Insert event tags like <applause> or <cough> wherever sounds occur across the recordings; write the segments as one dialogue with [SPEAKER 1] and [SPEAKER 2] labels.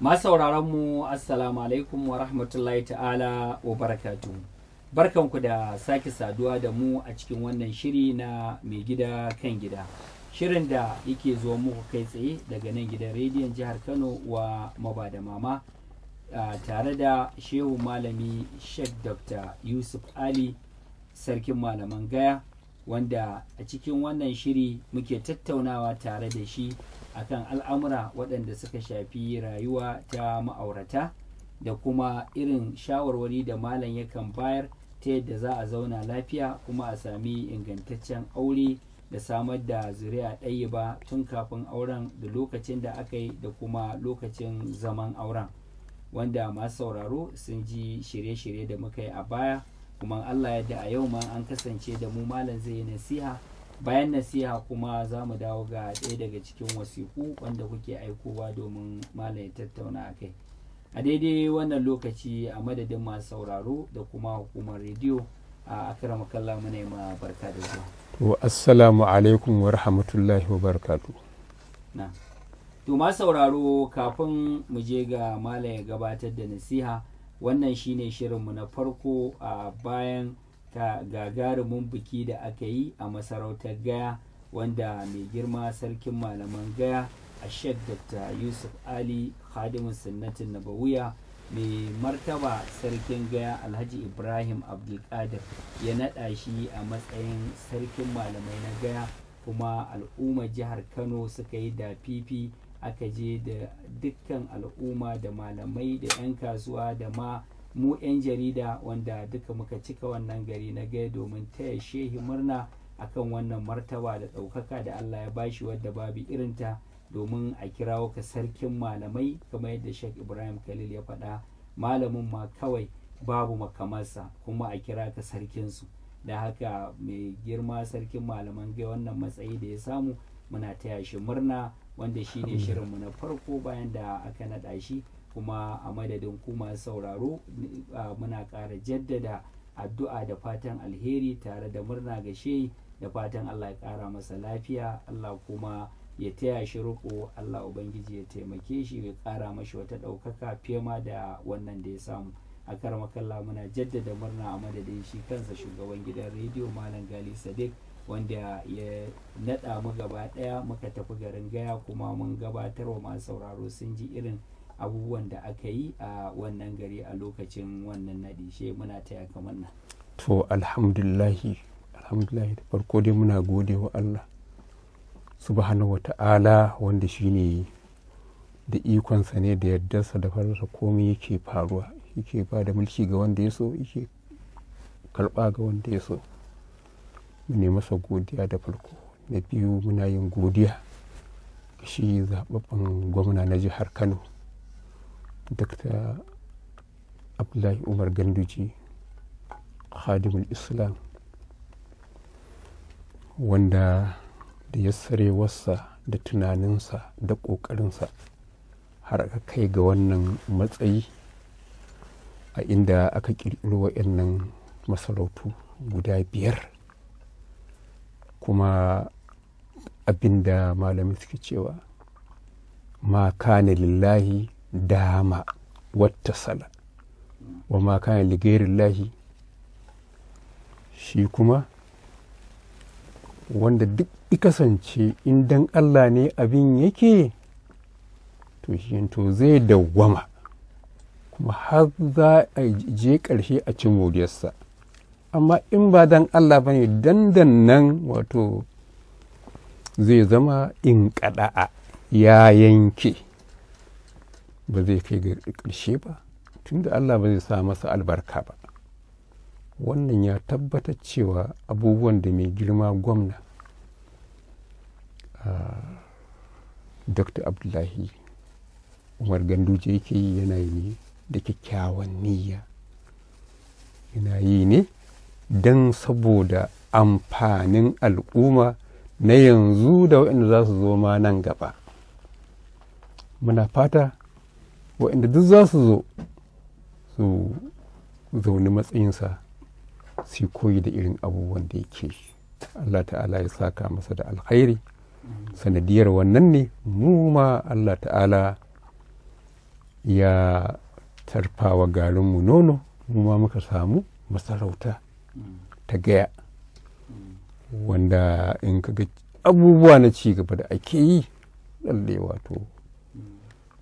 [SPEAKER 1] mu assalamu alaikum wa rahmatullahi ta'ala wa barakatu barkanku da sake saduwa da mu a cikin wannan shiri na mai gida kan gida shirin da yake zuwa muku kai tsaye daga nan gidan rediyon jihar kano wa maba da mama tare da shehu malami sheikh dr yusuf ali sarkin malaman gaya wanda a cikin wannan shiri muke tattaunawa tare da shi akan al'amura waɗanda suka shafi rayuwa ta ma'aurata da kuma irin shawarwari da malam yakan bayar ta yadda za a zauna lafiya kuma a sami ingantaccen aure da samar da zuri'a ɗaya ba tun kafin auren da lokacin da aka yi da kuma lokacin zaman auren wanda masu sauraro sun ji shirye-shirye da muka yi a baya kuma allah yadda a yau ma an kasance da mu malam zai yi nasiha bayan nasiha kuma za mu dawo ga ɗaya daga cikin wasiku wanda kuke aikowa domin malam ya tattauna a kai a daidai wannan lokaci a madadin masu sauraro da kuma hukumar rediyo a akira makalla muna ma barka da zuwa
[SPEAKER 2] to assalamu alaikum wa rahmatullahi wa barakatu
[SPEAKER 1] na to masu sauraro kafin mu je ga malam ya gabatar da nasiha wannan shine shirinmu na farko a bayan ta gagarumin biki da aka yi a masarautar gaya wanda mai girma sarkin malaman gaya a shek dr yusuf ali khadimin sunnatin nabawiya mai martaba sarkin gaya alhaji ibrahim abdulkadir ya naɗa shi a matsayin sarkin malamai na gaya kuma al'umma jihar kano suka yi da fifi aka je da dukkan al'umma da malamai da 'yan kasuwa da ma mu 'yan jarida wanda duka muka cika wannan gari na gai domin taya shehi murna akan wannan martaba da ɗaukaka da Allah ya bashi wadda babu irinta domin a kirawo ka sarkin malamai kamar yadda Sheikh Ibrahim Khalil ya faɗa malamin ma kawai babu makamarsa kuma a kira ka sarkin su da haka mai girma sarkin malaman gai wannan matsayi da ya samu muna taya shi murna wanda shine shirinmu na farko bayan da aka naɗa shi kuma a madadin ku masu sauraro muna ƙara jaddada addu'a da fatan alheri tare da murna ga she da fatan Allah ya ƙara masa lafiya Allah kuma ya taya shi riko Allah Ubangiji ya taimake shi ya kara mashi wata ɗaukaka fema da wannan da ya samu a karmakalla muna jaddada murna a madadin shi kansa shugaban gidan rediyo Malam Gali Sadiq wanda ya naɗa mu gaba ɗaya muka tafi garin gaya kuma mun gabatarwa wa masu sauraro sun ji irin abubuwan da aka yi a wannan gari a lokacin wannan naɗi she muna taya ka
[SPEAKER 2] wannan to alhamdulahi alhamdulahi da farko dai muna gode wa Allah subhanahu ta'ala wanda shi ne da ikonsa ne da yardarsa da fararsa komai yake faruwa yake ba da mulki ga wanda ya so yake karɓa ga wanda ya so mu ne masa godiya da farko na biyu muna yin godiya shi zaɓaɓɓen gwamna na jihar kano dr abdullahi umar ganduji khadimul islam wanda da ya sarewarsa da tunaninsa da ƙoƙarinsa har aka kai ga wannan matsayi a inda aka ƙirƙiro waɗannan masarautu guda biyar kuma abinda malamin suke cewa ma kana lillahi dama wata sala wa ma kayan ligerin lahi shi kuma wanda duk kasance in dan Allah ne abin yake to shi to zai dawwama kuma har za a je karshe a ci moriyarsa amma in ba dan Allah ba ne dandan nan wato zai zama in kada'a ya yanke ba zai kai ga ƙarshe ba tunda allah ba zai sa masa albarka ba wannan ya tabbata cewa abubuwan da mai girma gwamna ah, dr abdullahi umar ganduje yake yi yana yi ne da kyakkyawan niyya yana yi ne don saboda amfanin al'umma na yanzu da waɗanda za su zo ma nan gaba muna fata waɗanda duk za su zo su zaune matsayinsa su koyi da irin abubuwan da yake Allah ta'ala ya saka masa da alkhairi sanadiyar wannan ne mu ma Allah ta'ala ya tarfawa mu nono mu ma muka samu masarauta ta gaya wanda in ka ga abubuwa na ci gaba da ake yi lalle wato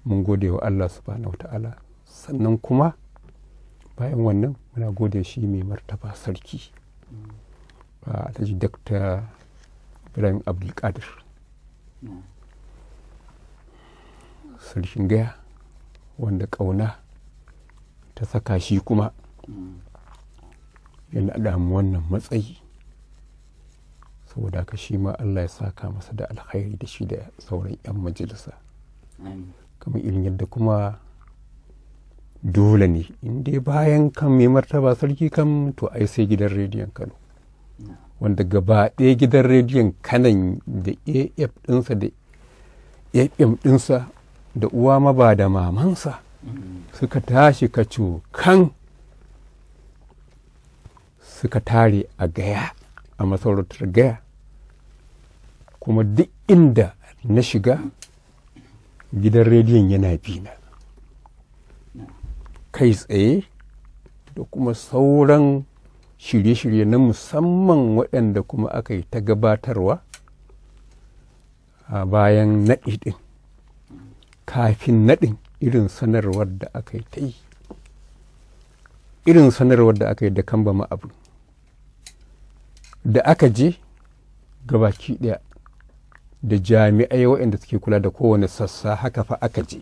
[SPEAKER 2] mun gode wa Allah subhanahu ta'ala sannan kuma bayan wannan muna gode shi mai martaba sarki a alhaji dakta ibrahim abdulkadir sarkin gaya wanda ƙauna ta saka shi kuma yana damu wannan matsayi saboda haka shi ma Allah ya saka masa da alkhairi da shi da sauran 'yan majalisa. kamar irin yadda kuma dole ne inda bayan kan mai martaba sarki kan to ai sai gidan rediyon kano wanda gaba ɗaya gidan rediyon kanan da af ɗinsa da uwa ɗinsa da uwa ba da mamansa suka tashi ka kan suka tare a gaya a masarautar gaya kuma duk inda na shiga gidan rediyon yana bina kai tsaye da kuma sauran shirye-shirye na musamman waɗanda kuma aka yi ta gabatarwa a bayan naɗi ɗin kafin naɗin irin sanarwar da aka yi ta yi irin sanarwar da aka yi da kamba abu da aka je gabaki ɗaya da jami'ai waɗanda suke kula da kowane sassa haka fa aka je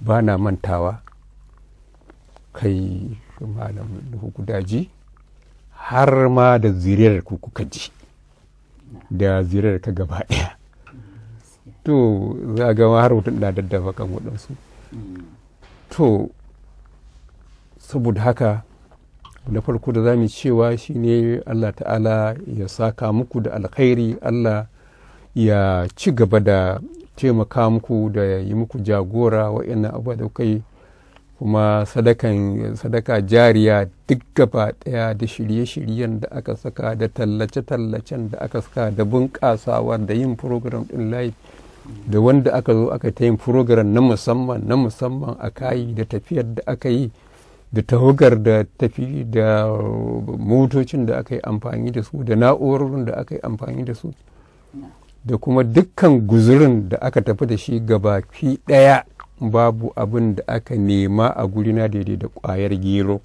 [SPEAKER 2] ba na mantawa kai malam ji har ma da ziriyar ku kuka ji da ziriyar ka gaba ɗaya to za ga har mutum na daddafa kan waɗansu to saboda haka na farko da za mu cewa shine allah ta'ala ya saka muku da alkhairi allah ya ci gaba da taimaka muku da yi muku jagora wa'annan abuwa da kai kuma sadakan sadaka jariya duk gaba daya da shirye-shiryen da aka saka da tallace-tallacen da aka saka da bunƙasawa da yin program din live da wanda aka zo aka ta yin program na musamman na musamman a kayi da tafiyar da aka yi da tawagar da tafi da motocin da aka yi amfani da su da na'urorin da aka yi amfani da su da kuma dukkan guzurin da aka tafi da shi gabaki ɗaya babu abin da aka nema a gurina daidai da ƙwayar gero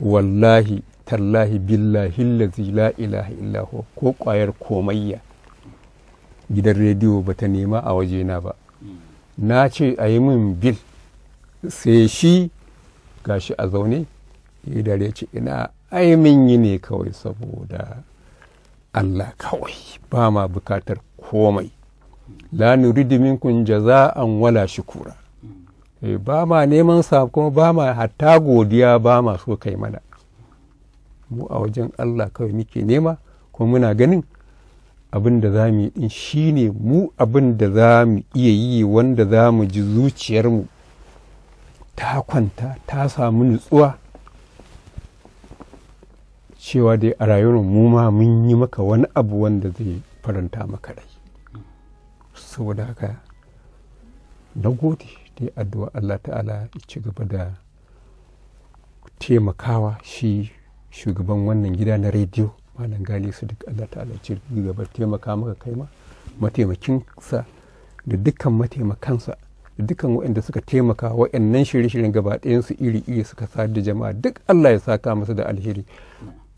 [SPEAKER 2] wallahi tallahi billahi la ilaha illahu ko ƙwayar komayya gidan rediyo ba ta nema a wajena ba na ce a yi min bil sai shi gashi a zaune ya dare ce ina ai yi ne kawai saboda Allah kawai ba ma bukatar komai la nuridu minkum jaza'an wala shukura kura. Eh, ba ma neman sa kuma ba ma hatta godiya ba ma so kai mana mu a wajen Allah kawai muke nema kuma muna ganin abin da za mu yi din shine mu abin da za mu iya yi wanda za mu ji zuciyarmu ta kwanta ta samu nutsuwa cewa dai a rayuwar mu ma mun yi maka wani abu wanda zai faranta maka rai saboda haka na gode dai addu'a Allah ta'ala ya ci gaba da taimakawa shi shugaban wannan gida na rediyo malam gali su duk Allah ta'ala ya ci gaba taimaka maka kai ma mataimakinsa da dukkan mataimakansa da dukkan waɗanda suka taimaka waɗannan shirye-shiryen gaba ɗayansu iri-iri suka sadar da jama'a duk Allah ya saka masa da alheri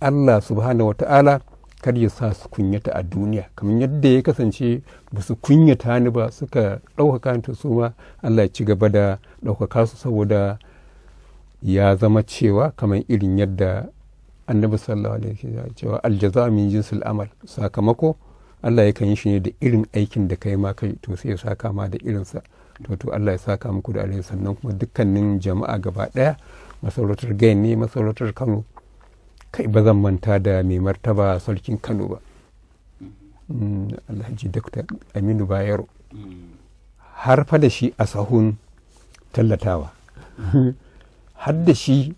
[SPEAKER 2] allah subhanahu ta'ala kar ya sa su kunyata a duniya kamar yadda ya kasance ba su kunyata ni ba suka ɗaukaka ta su ma allah ya ci gaba da ɗaukaka su saboda ya zama cewa kamar irin yadda annabi sallallahu alaihi cewa aljaza min jinsil amal sakamako Allah ya kan yi shi ne da irin aikin da kai ma kai to sai ya saka ma da sa to to Allah ya saka muku da alheri sannan kuma dukkanin jama'a gaba ɗaya. masarautar Gaini, ne masarautar Kano kai ba zan manta da mai martaba sarkin kano ba mm, alhaji dr aminu bayero har fa da shi a sahun tallatawa <laughs> har da shi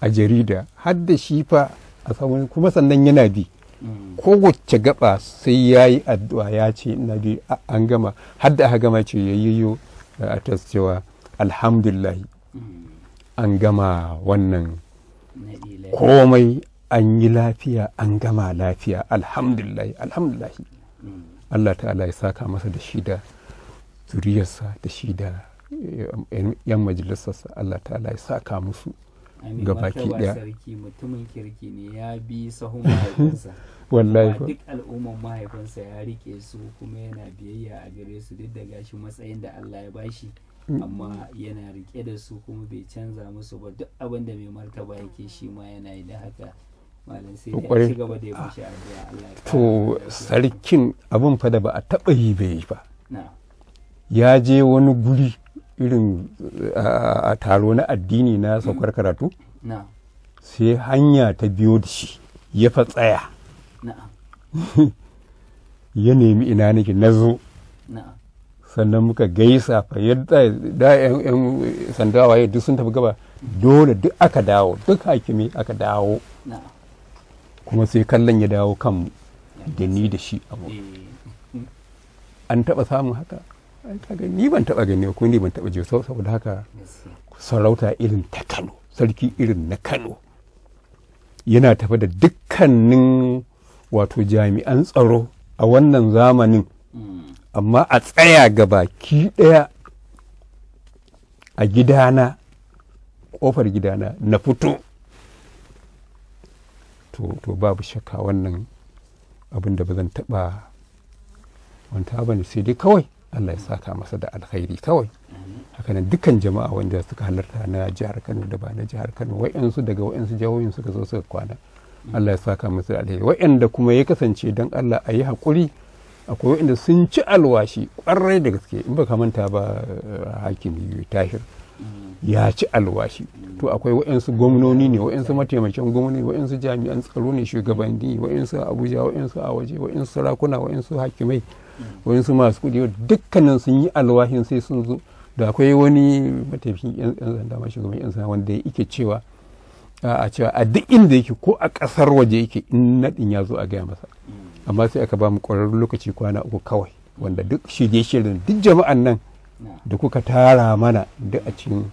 [SPEAKER 2] a jarida har da shi fa a sahun kuma sannan yana bi kowace gaba sai ya yi addu'a ya ce na bi an gama har da aka gama ce ya yi yiyo a cewa alhamdulillah an gama wannan komai an yi lafiya an gama lafiya alhamdulillahi alhamdulillahi Allah ta'ala ya saka masa da shida zuriyarsa da shida eh, yan majalisarsa Allah ta'ala ya saka musu ga baki daya
[SPEAKER 1] mutumin kirki ne ya bi sahun mahaifinsa <laughs> wallahi duk al'umman mahaifinsa ya rike su kuma yana biyayya a gare su duk da gashi matsayin da Allah ya bashi mm. amma yana rike da su kuma bai canza musu ba duk abin da mai martaba yake shi ma yana yi da haka
[SPEAKER 2] to sarkin abin fa da ba a taɓa yi bai yi ba ya je wani guri irin a taro na addini na saukar karatu sai hanya ta biyo da shi ya fa tsaya <laughs> ya nemi ina nake na zo sannan muka gaisa fa yadda da yan sandawa duk sun tafi gaba dole duk aka dawo duk hakimi aka dawo kuma sai kallon ya dawo kan da ni da shi abu eh. an taba samun haka ni ban taba gani ko ni ban taba je saboda haka sarauta irin ta Kano sarki irin na Kano yana tafa da dukkanin wato jami'an tsaro a wannan zamanin hmm. amma a tsaya ga baki ɗaya a gidana ƙofar gidana na fito to babu shakka wannan abin da ba zan taɓa wanta ba ne sai dai kawai allah ya saka masa da alkhairi kawai hakanan dukan jama'a wanda suka halarta na jihar kano da ba na jihar kano wa'yansu daga wa'yansu jihohin suka zo suka kwana allah ya saka masa da alkhairi. wa'yanda kuma ya kasance dan allah Ayi hakuri akwai wa'yanda sun ci alwashi ƙwarai da gaske in baka manta ba hakimi tahir ya ci alwashi to akwai wa'yansu gwamnoni ne wa'yansu mataimakin gwamnoni wa'yansu jami'an tsaro ne shugabanni wa'yansu abuja wa'yansu a waje wa'yansu sarakuna wa'yansu hakimai wa'yansu masu kudi dukkanin sun yi alwashin sai sun zo da akwai wani mataimakin yan sanda ma shugaban yan sanda wanda yake cewa a cewa a duk inda yake ko a kasar waje yake in naɗin ya zo a gaya masa amma sai aka ba mu ƙwararrun lokaci kwana uku kawai wanda duk shirye-shiryen duk jama'an nan da kuka tara mana duk a cikin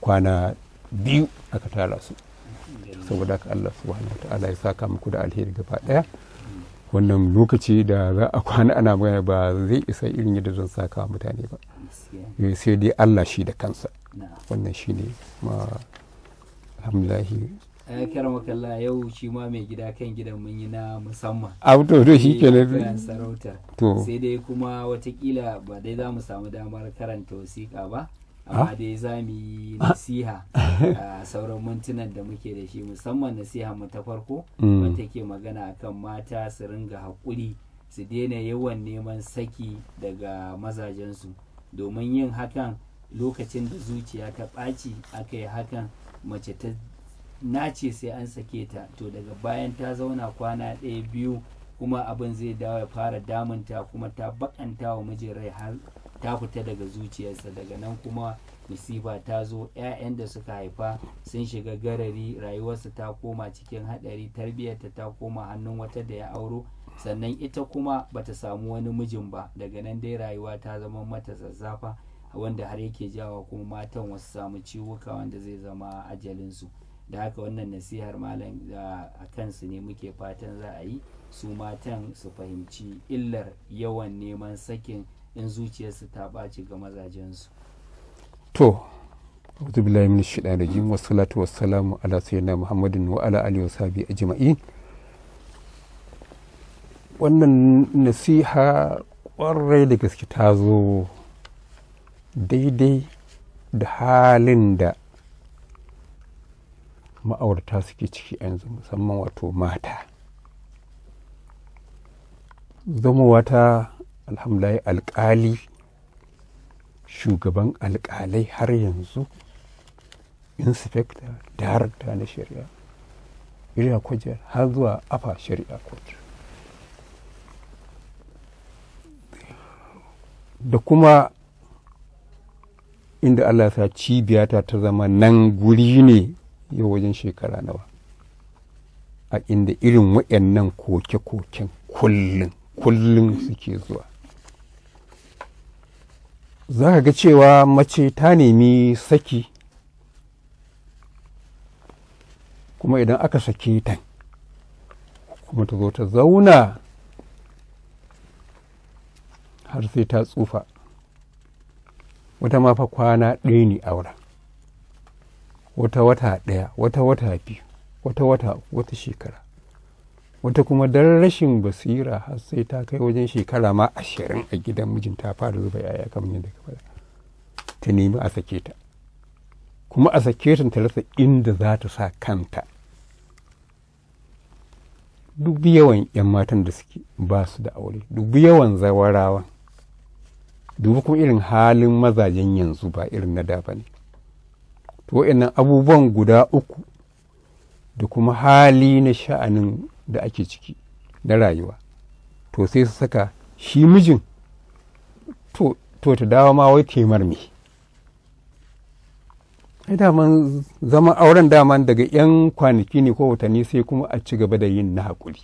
[SPEAKER 2] kwana biyu aka tara su saboda haka Allah subhanahu ta'ala ya saka muku da alheri gaba daya wannan lokaci da za a kwana ana magana ba zai isa irin yadda zan saka mutane ba eh, sai dai Allah shi da kansa wannan shine ma alhamdulahi
[SPEAKER 1] ya eh, kara yau shi ma mai gida kan gidan mun yi na musamman a ah, to to shi ke sarauta to sai dai kuma watakila ba dai za mu samu damar karanta wasiƙa ba ah? amma dai za mu yi ah? nasiha a <laughs> sauran mintunan da muke da shi musamman nasiha mu ta farko mm. wanda ke magana akan mata su ringa haƙuri su daina yawan neman saki daga mazajensu domin yin hakan lokacin da zuciya ta ɓaci aka yi hakan mace ta na ce sai an sake ta to daga bayan ta zauna kwana ɗaya biyu kuma abin zai dawo ya fara damunta kuma ta bakanta wa mijin rai har ta fita daga zuciyarsa daga nan kuma musiba ta zo 'ya'yan da suka haifa sun shiga garari rayuwarsa ta koma cikin haɗari tarbiyyarta ta koma hannun wata da ya auro sannan ita kuma bata samu wani mijin ba daga nan dai rayuwa ta zama mata zazzafa wanda har yake jawa kuma matan wasu samu ciwuka wanda zai zama ajalinsu da haka wannan nasihar malam a kansu ne muke fatan za a yi su matan su fahimci illar yawan neman sakin in zuciyarsu ta ɓaci ga mazajensu
[SPEAKER 2] to da أعوذ wasu salatu wasu salamu ala والسلام muhammadin wa ala aliyu sabi a jima'i. wannan nasiha kwarai da gaske ta zo daidai da halin da ma'aurata suke ciki a yanzu musamman wato mata zama wata alhamdulahi alkali shugaban alkalai har yanzu inspector director na shari'a iriya kwajar har zuwa afa shari'a kwajar da kuma inda allah sa cibiyata ta zama nan guri ne yau wajen shekara nawa a inda irin waɗannan koke-koken kullum kullum suke zuwa za ka ga cewa mace ta nemi saki kuma idan aka sake ta kuma ta zo ta zauna har sai ta tsufa wata ma kwana ɗaya ne aura wata wata ɗaya wata wata biyu wata wata wata shekara wata kuma dan rashin basira har sai ta kai wajen shekara ma ashirin a gidan mijin ta fara zuba yaya kamar yadda ka faɗa ta nemi a sake ta kuma a sake ta rasa inda za ta sa kanta duk yawan 'yan matan da suke ba su da aure duk yawan zawarawa dubi kuma irin halin mazajen yanzu ba irin na da ba ne to wa'annan abubuwan guda uku da kuma hali na sha'anin da ake ciki na rayuwa to sai su saka shi mijin to ta dawa ma wai taimar me ai daman zama auren dama daga 'yan kwanaki ne ko watanni sai kuma a ci gaba da yin na haƙuri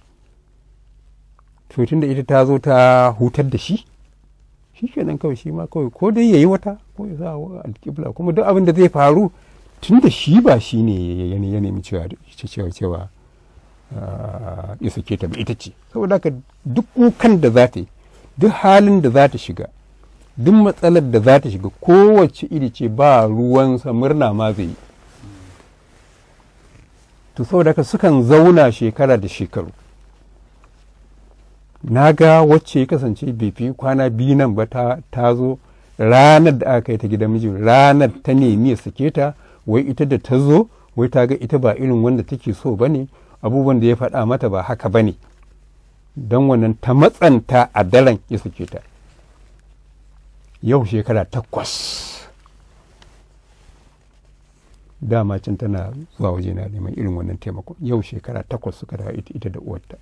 [SPEAKER 2] to tun da ita ta zo ta hutar da shi shi kenan kawai shi ma kawai ko dai ya yi wata ko ya sa alƙibla kuma duk abin da zai faru tun da shi ba shi ne ya nemi cewa cewa ah, ya sake ta ba ita ce saboda haka duk kukan da za ta yi duk halin da za ta shiga duk matsalar da za ta shiga kowace iri ce ba ruwan murna ma zai yi to saboda haka sukan zauna shekara da shekaru na ga wacce ya kasance bifi kwana biyu nan ba ta zo ranar da aka yi ta gidan miji ranar ta nemi ya sake ta wai ita da ta zo wai ta ga ita ba irin wanda take so ba ne abubuwan da ya faɗa mata ba haka ba ne don wannan ta matsanta a daren ya suke ta yau shekara takwas dama can tana zuwa waje na neman irin wannan taimako. yau shekara takwas suka da ita da uwarta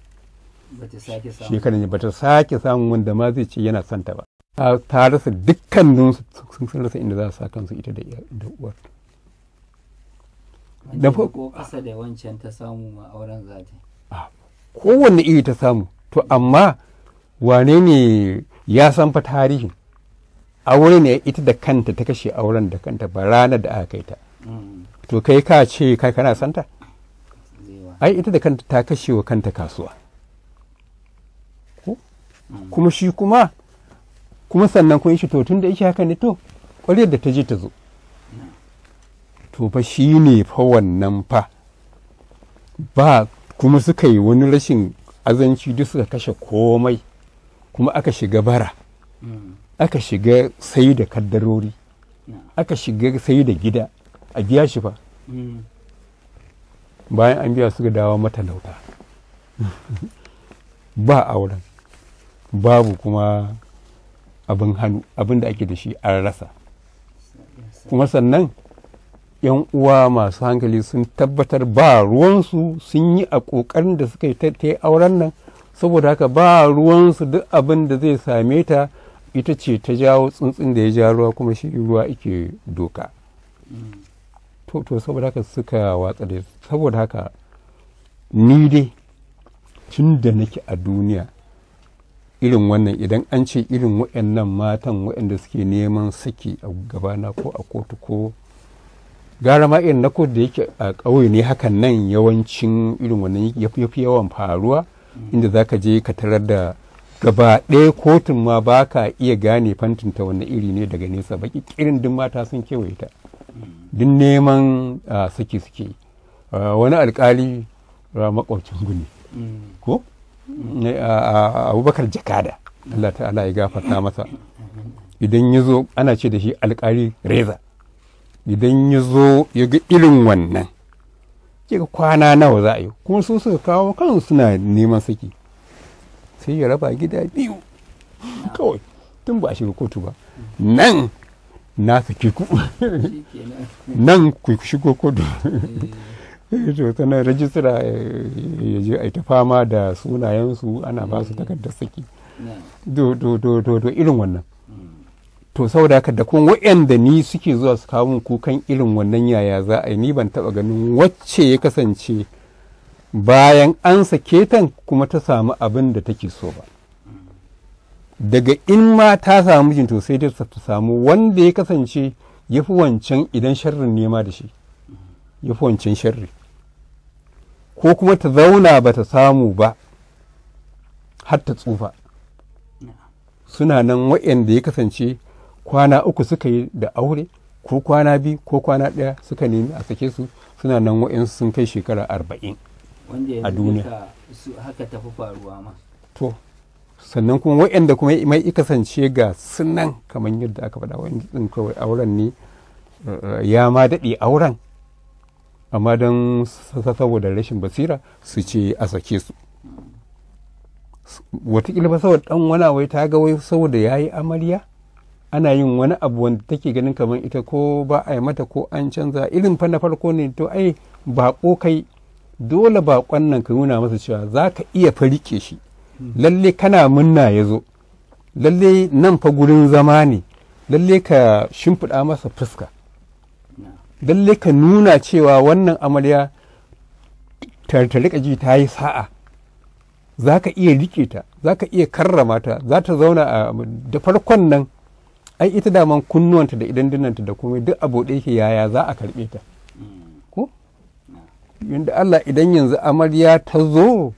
[SPEAKER 2] Shekara ne bata sake samun wanda ma zai ce yana santa ba ta rasa dukkanin sun rasa inda za su sa kansu ita da uwarta da ko
[SPEAKER 1] kasa da wancan ta samu ma auren zata
[SPEAKER 2] kowanne iri ta samu to amma wane ne ya san fa tarihin aure ne ita da kanta ta kashe auren da kanta ba ranar da aka kai ta mm. to kai ka ce kai kana santa ai ita da kanta ta kashe wa kanta kasuwa mm. kuma shi kuma kuma sannan kun shi to tun da yake haka ne to ƙwarar da ta je ta zo to fa shi ne fa wannan fa ba kuma suka yi wani rashin azanci duk suka kashe komai kuma aka shiga bara mm. aka shiga sai da kaddarori aka shiga sai da gida a biya shi fa mm. bayan an biya suka dawo matalauta <laughs> ba auren babu kuma abin hannu abin da ake da shi an rasa kuma sannan 'yan uwa masu hankali sun tabbatar ba ruwansu sun yi a ƙoƙarin da suka yi ta auren nan saboda haka ba ruwansu duk abin da zai same ta ita ce ta jawo tsuntsun da ya ja ruwa kuma shi ruwa ike doka to saboda haka suka watsa da saboda haka ni dai tun da nake a duniya irin wannan idan an ce irin waɗannan matan waɗanda suke neman saki a gabana ko a kotu ko gara ma irin na kudu da yake a ƙauye ne hakan nan yawancin irin wannan ya yawan faruwa inda za ka je ka tarar da gaba ɗaya kotun ma ba ka iya gane fantinta wani iri ne daga nesa baki irin duk mata sun kewaye ta duk neman suke suke wani alkali makwacin guni ko abubakar jakada Allah ta'ala ya gafarta masa idan ya zo ana ce da shi alkali reza idan ya zo ya ga irin wannan ga kwana nawa za a yi kuma su suka kawo kansu suna neman saki sai ya raba gida biyu kawai tun ba a shiga kotu ba nan na saki ku nan ku shigo kotu eh, to tana rajistra eh, ya je a ta fama da sunayensu ana ba su mm. takardar saki do do do irin wannan to saboda haka da kuma waɗanda ni suke zuwa su kawo kukan irin wannan yaya za a yi ni ban taba ganin wacce ya kasance bayan an sake tan kuma ta samu abin da take so ba daga in ma ta samu mijin to sai ta samu wanda ya kasance ya fi wancan idan sharrin nema da shi ya fi wancan sharri ko kuma ta zauna ba ta samu ba har ta tsufa suna nan waɗanda ya kasance kwana uku suka yi da aure ko kwana biyu ko kwana ɗaya suka nemi a sake su suna nan wa'in sun kai shekara arba'in a duniya
[SPEAKER 1] haka tafi faruwa ma
[SPEAKER 2] to sannan kuma wa'anda kuma mai kasance ga sunan kamar yadda aka faɗa wa'in kawai auren ne eh, ya ma daɗe auren amma don saboda rashin basira su ce a sake su watakila ba saboda ɗan wani wai ta ga wai saboda ya yi amarya ana yin wani abu wanda take ganin kamar ita ko ba a yi mata ko an canza irin fa na farko ne to ai baƙo kai dole baƙon nan ka nuna masa cewa za ka iya farike shi lalle kana munna ya zo lalle nan fa gurin zama ne lalle ka shimfiɗa masa fuska lalle ka nuna cewa wannan amarya ta rika ji ta yi sa'a za ka iya rike ta za ka iya karrama ta za ta zauna a da farkon nan ai ita daman kunnuwanta da idan dinanta da komai duk abu da yake yaya za a karbe ta ko yanda Allah idan yanzu amarya ta zo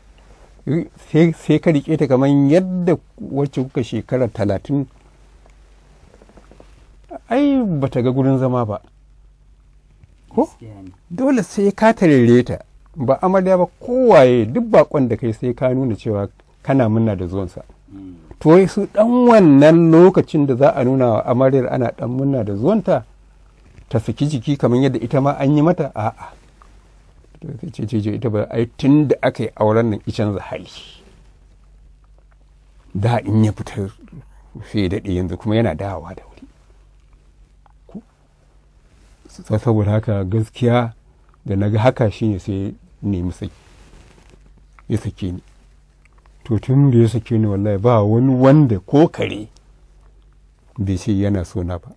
[SPEAKER 2] sai ka rike ta kamar yadda wacce kuka shekara talatin ai ba ta ga gurin zama ba ko dole sai ka tarire ta ba amarya ba kowaye duk bakon da kai sai ka nuna cewa kana munna da zuwansa mm. to wai su dan wannan lokacin da za a nuna wa amaryar ana dan munna da zuwanta ta saki jiki kamar yadda ita ma an yi mata a'a sai ce ce ita ba ai tun da aka yi auren nan icen zahali hali da in ya fitar sai ya daɗe yanzu kuma yana dawowa da wuri saboda haka gaskiya da na ga haka shine sai nemi ya sake ni to tun da ya sake ni wallahi ba wani wanda ko kare bai ce yana so na ba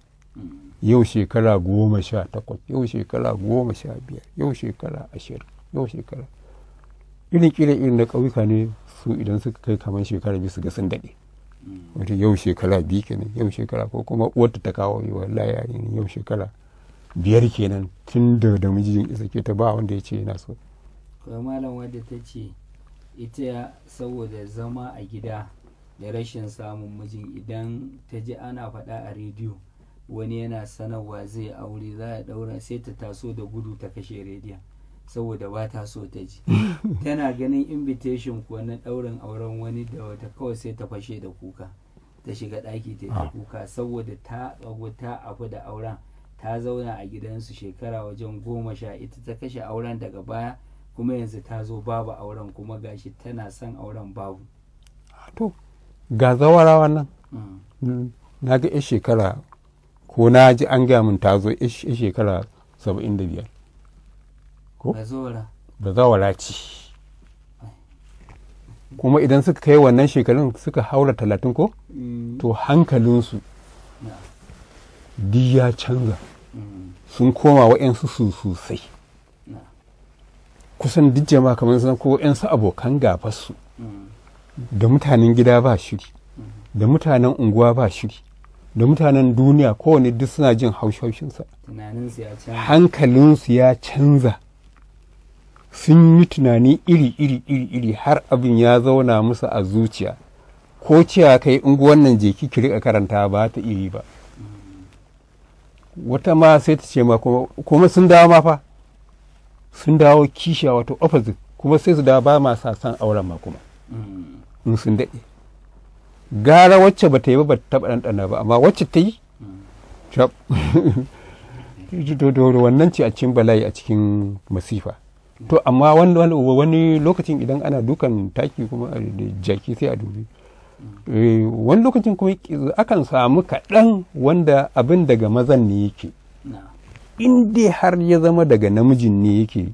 [SPEAKER 2] yau shekara goma sha takwas yau shekara goma sha biyar yau shekara ashirin yau shekara irin kira irin na ƙauyuka ne su idan suka kai kamar shekara biyu su ga sun daɗe wata yau shekara biyu kenan yau shekara ko kuma wata ta kawo yi wallahi ya yau shekara
[SPEAKER 1] biyar kenan
[SPEAKER 2] tun da da mijin isa ke ta ba wanda ya ce yana so.
[SPEAKER 1] malam wadda ta ce ita saboda zama a gida da rashin samun mijin idan ta ji ana faɗa a rediyo wani yana sanarwa zai aure za a ɗaura sai ta taso da gudu ta kashe rediyon saboda ba ta so ta ji <laughs> tana ganin invitation ko na ɗaurin auren wani da wata kawai sai ta fashe da kuka ta shiga ɗaki ta yi ah. kuka saboda ta tsago ta abu da auren ta zauna a gidansu shekara wajen goma sha ita ta kashe auren daga baya kuma yanzu ta zo babu auren kuma gashi tana son auren babu
[SPEAKER 2] to ga zawara nan mm. na ga 'yan shekara ko na ji an gaya min ta zo 'yan shekara saba'in da biyar ko ba zawara ce kuma idan suka kai wannan shekarun suka haura talatin ko mm. to hankalinsu duk ya canza mm. sun koma wa'yansu su sosai kusan duk jama'a kamar zan ko yan su abokan gafarsu da mutanen gida ba shiri da mutanen unguwa ba shiri da mutanen duniya kowane duk suna jin hankalin su ya canza sun yi tunani iri iri iri iri har abin ya zauna musu a zuciya ko cewa kai unguwan nan je ki rika karanta ba ta iri ba wata ma sai ta ce ma kuma sun dawo ma fa sun dawo kishiya wato opposite kuma sai su dawo ba ma sa san auren ma kuma in sun daɗe gara wacce ba ta yi ba ba taɓa ɗanɗana ba amma wacce ta yi <laughs> wannan ce a cikin bala'i a cikin masifa to amma wani lokacin idan ana dukan taki kuma da jaki sai a dubi eh, wani lokacin kuma akan samu kaɗan wanda abin daga mazan ne yake in dai har ya zama daga namijin ne yake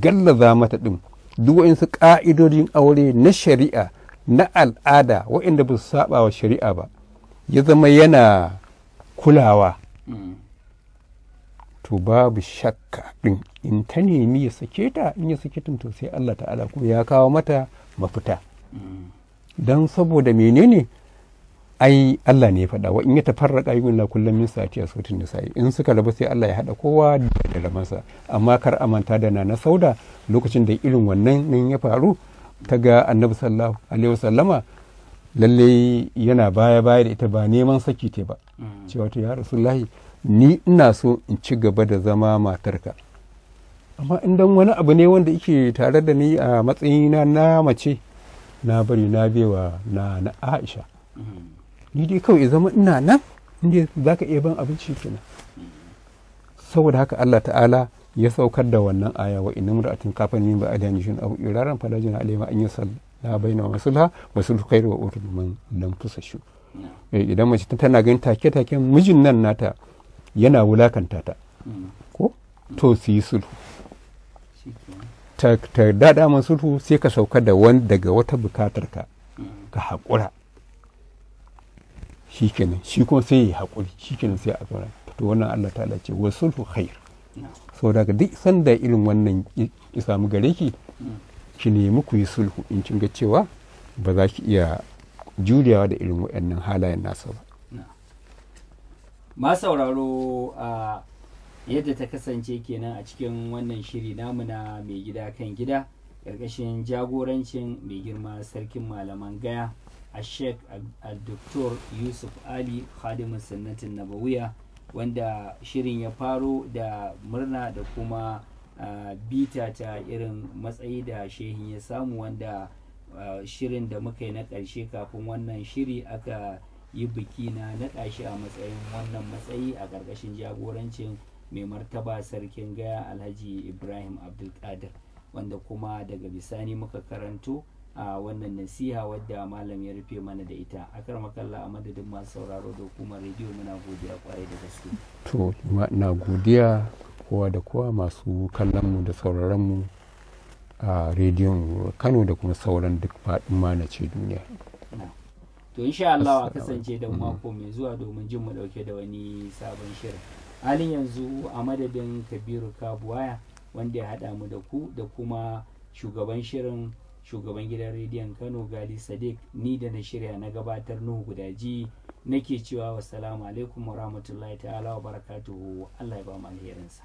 [SPEAKER 2] gallaza mata ɗin duk su ƙa'idodin aure na shari'a na al'ada waɗanda ba su saba wa shari'a ba ya zama yana kulawa to babu shakka ɗin in ta nemi ya sake ta in ya sake ta to sai Allah ta'ala ko ya kawo mata mafita mm. don saboda menene ai Allah ne ya faɗa wa in ya tafarraqa yughna kullum min sa'ati asutun nisa'i in suka rabu sai Allah ya haɗa kowa da ramansa amma kar amanta da na sauda lokacin da irin wannan nan ya faru ta ga annabi sallallahu alaihi wasallama lalle yana baya baya da ita ba neman saki ta ba mm. cewa to ya rasulullahi ni ina so in ci gaba da zama matarka amma in dan wani abu ne wanda yake tare da ni a matsayina na mace na bari na bewa na na Aisha mm. ni dai kawai zama ina nan inda za ka iya ban abinci kenan saboda haka Allah ta'ala ya saukar da wannan aya wa inna mar'atin kafan min ba adani shin abu iraran falajin alayma an yasal la baina wa masulha wa sulhu khairu wa urdu man lam tusashu eh, idan mace tana ganin take take mijin nan nata yana wulakanta ta ko to su yi sulhu ta dada man sulhu sai ka saukar da wani daga wata bukatar ka ka haƙura shikenan shi kuma sai ya haƙuri shikenan sai a zauna to wannan Allah ta'ala ce wa sulhu khair So daga duk sanda irin wannan ya samu gare ki ki nemi ku yi sulhu in kin ga cewa ba za ki iya juriyawa da irin waɗannan halayen nasa ba
[SPEAKER 1] ma sauraro a yadda ta kasance kenan a cikin wannan shiri namu na mai gida kan gida ƙarƙashin jagorancin mai girma sarkin malaman gaya الشيخ الدكتور Yusuf Ali خادم السنة Nabawiya wanda shirin ya faro da murna da kuma uh, bita ta irin matsayi da shehin ya samu wanda shirin da muka yi na ƙarshe kafin wannan shiri aka yi biki na naɗa shi a matsayin wannan matsayi a ƙarƙashin jagorancin mai martaba sarkin gaya alhaji ibrahim abdulkadir wanda kuma daga bisani muka karanto a wannan nasiha wadda malam ya rufe mana da ita a akar makalla a madadin masu sauraro da hukumar rediyo muna godiya kwarai da gaske
[SPEAKER 2] to na godiya kowa da kowa masu kallon mu da sauraron mu a rediyon kano da kuma sauran duk faɗin ma na ce duniya
[SPEAKER 1] to insha Allah a kasance da mako mai zuwa domin jin mu dauke da wani sabon shirin halin yanzu a madadin kabiru kabuwaya wanda ya haɗa mu da ku da kuma shugaban shirin shugaban gidan rediyon kano gali sadiq ni da na shirya na gabatar nuhu guda ji nake cewa wasu alaikum wa rahmatullahi ta'ala wa barakatuhu allah ya ba mu alherinsa